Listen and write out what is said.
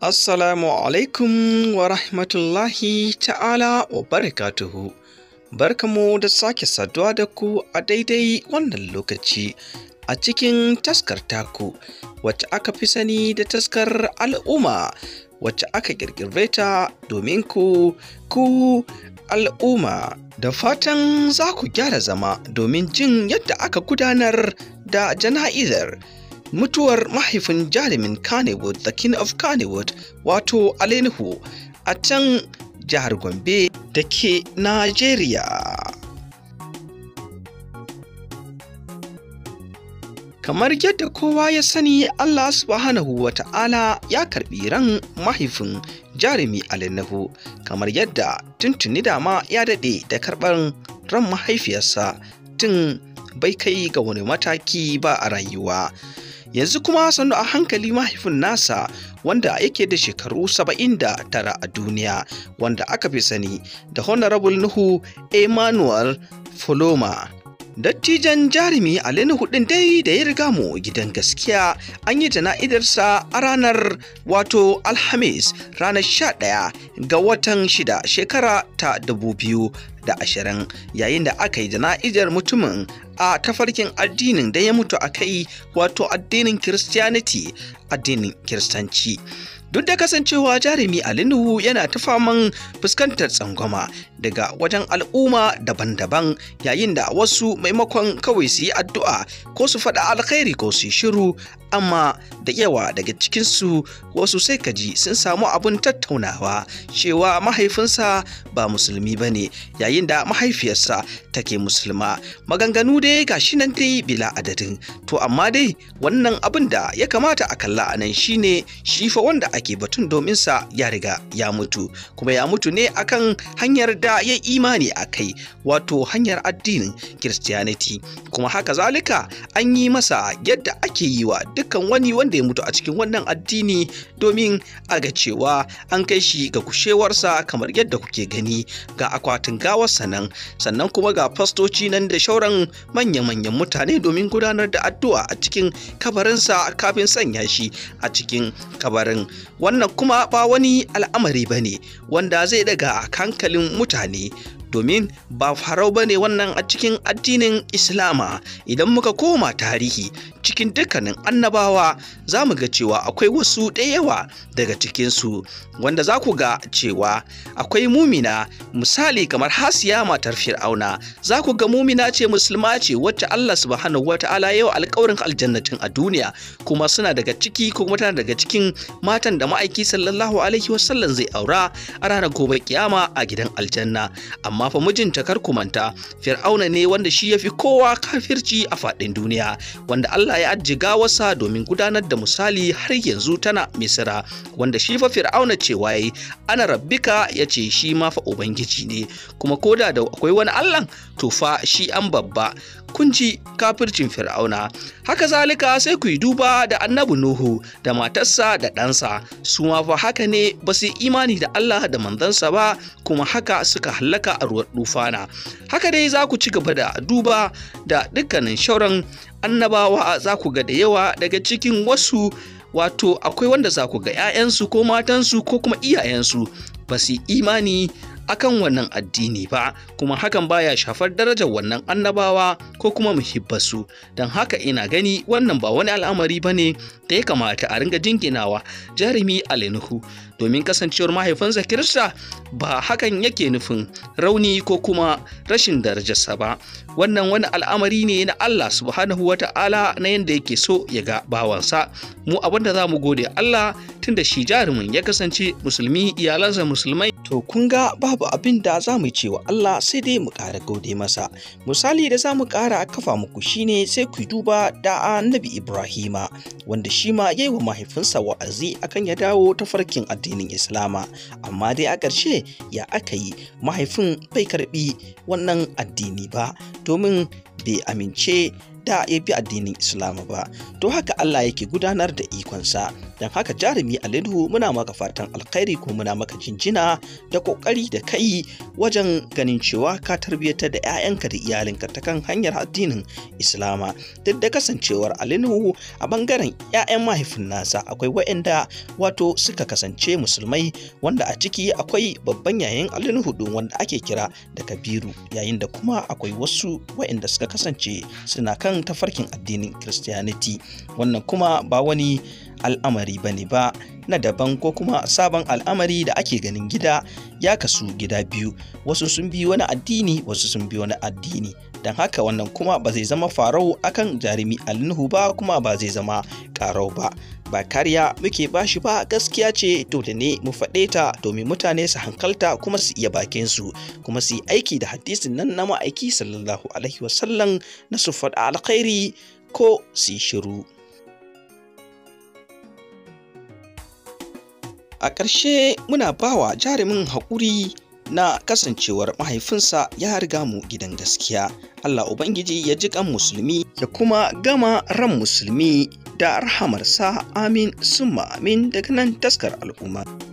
Assalamu alaikum wa rahmatullahi ta'ala wa barakatuhu. Barkamu da sake saduwa da ku a daidai wannan lokaci a cikin taskar taku wacce aka fi sani da taskar al'umma wacce aka ƙirƙirre ta domin ku ku al'umma da fatan za ku gyara zama domin jin yadda aka gudanar da jana'izar. mutuwar mahaifin jarumin Kannywood the king of Kannywood wato Alenihu a can jihar Gombe da ke Najeriya. Kamar yadda kowa ya sani Allah subhanahu wa ta'ala ya karɓi ran mahaifin jarumi Alenihu kamar yadda tuntuni dama ya daɗe da karɓar ran mahaifiyarsa tun bai kai ga wani mataki ba a rayuwa. yanzu kuma sannu a hankali mahaifin nasa wanda yake da shekaru saba'in da tara a duniya wanda aka fi sani da honorable nuhu emmanuel foloma dattijan jarumi alinu ɗin dai da ya riga mu gidan gaskiya an yi jana'idarsa a ranar wato alhamis ranar sha 11 ga watan shida shekara ta biyu da ashirin, yayin da aka yi jana'izar mutumin a tafarkin addinin da ya mutu a kai wato addinin Kiristiyaniti addinin Kiristanci. duk da kasancewa jarumi alinuhu yana ta faman fuskantar tsangwama daga wajen al'umma daban-daban yayin da wasu maimakon kawai su yi addu'a ko su faɗa alkhairi ko su yi shiru amma da yawa daga cikinsu wasu sai kaji sun samu abin tattaunawa cewa mahaifinsa ba musulmi ba ne yayin da mahaifiyarsa take musulma maganganu dai ga shi nan dai bila adadin to amma dai wannan abin da ya kamata a kalla a nan shine shi fa wanda ake batun domin sa ya riga ya mutu kuma ya mutu ne akan hanyar da ya imani a kai wato hanyar addinin christianity kuma haka zalika an yi masa yadda ake yi wa dukkan wani wanda ya mutu a cikin wannan addini domin a ga cewa an kai shi ga kushewarsa kamar yadda kuke gani ga akwatin gawarsa nan sannan kuma ga fastoci nan da shauran manya-manyan mutane domin gudanar da addu'a a cikin kabarinsa kafin sanya shi a cikin kabarin wannan kuma ba wani al'amari ba ne wanda zai daga hankalin mutane domin ba farau ba ne wannan a cikin addinin islama idan muka koma tarihi cikin dukkanin annabawa za mu ga cewa akwai wasu da yawa daga cikinsu wanda za ku ga cewa akwai mumina misali kamar hasiya matar fir'auna za ku ga mumina ce musulma ce wacce allah subhanahu wata'ala yau alkawarin aljannatin a duniya kuma suna daga ciki ko kuma tana daga cikin matan da ma'aiki sallallahu alaihi wasallam zai aura a ranar gobe kiyama a gidan aljanna amma amma fa mijinta kar ku manta fir'auna ne wanda shi yafi kowa kafirci a faɗin duniya wanda Allah ya ajji gawarsa domin gudanar da misali har yanzu tana misira wanda shi fa fir'auna ce waye, ana rabbika ya ce shi ma fa ubangiji ne kuma koda da akwai wani Allah to fa shi an babba kun ji kafircin fir'auna haka zalika sai ku yi duba da annabi nuhu da matarsa da ɗansa su ma fa haka ne ba su imani da Allah da manzansa ba kuma haka suka hallaka a karuwar dufana haka dai za ku ci gaba da duba da dukkanin shauran annabawa za ku ga da yawa daga cikin wasu wato akwai wanda za ku ga 'ya'yansu ko matansu ko kuma iyayensu ba su imani akan wannan addini ba kuma hakan baya shafar darajar wannan annabawa ko kuma muhibbasu don haka ina gani wannan ba wani al'amari ba ne da ya kamata a ringa jinginawa jarumi alinuhu domin kasancewar mahaifinsa kirista ba hakan yake nufin rauni ko kuma rashin darajarsa ba wannan wani al'amari ne na Allah subhanahu wa ta'ala na yadda yake so ya ga bawansa mu abinda za mu gode Allah tunda shi jarumin ya kasance musulmi iyalansa musulmai to kun ga babu babu abin da za mu ce wa Allah sai dai mu ƙara gode masa. Misali da za mu ƙara kafa muku shine sai ku duba da annabi Ibrahima wanda shi ma ya yi wa mahaifinsa wa'azi akan ya dawo ta farkin addinin Islama. Amma dai a ƙarshe ya aka yi mahaifin bai karɓi wannan addini ba domin bai amince wadda ya bi addinin Islama ba. To haka Allah yake gudanar da ikonsa. Don haka jarumi Alinhu muna maka fatan alkhairi ko muna maka jinjina da kokari da kai wajen ganin cewa ka tarbiyyata da 'ya'yanka da iyalinka ta kan hanyar addinin Islama. Duk da kasancewar Alinhu a bangaren 'ya'yan mahaifin nasa akwai wa'anda wato suka kasance musulmai wanda a ciki akwai babban yayin Alinhu din wanda ake kira da Kabiru yayin da kuma akwai wasu wa'anda suka kasance suna kan tafarkin addinin christianity wannan kuma ba wani al'amari ba ne ba na daban ko kuma sabon al'amari da ake ganin gida ya kasu gida biyu wasu sun bi wani addini wasu sun bi wani addini don haka wannan kuma ba zai zama farau akan jarumi alnuhu ba kuma ba zai zama karau ba ba kariya muke bashi ba gaskiya ce dole ne mu faɗe ta domin mutane su hankalta kuma su iya bakin su kuma su yi aiki da hadisin nan na ma'aiki sallallahu alaihi wasallam na su faɗa alkhairi ko su yi shiru. A ƙarshe muna bawa jarumin haƙuri na kasancewar mahaifinsa ya riga mu gidan gaskiya. Allah Ubangiji ya ji kan musulmi ya kuma gama ran musulmi da rahamarsa amin summa amin daga nan taskar al'umma.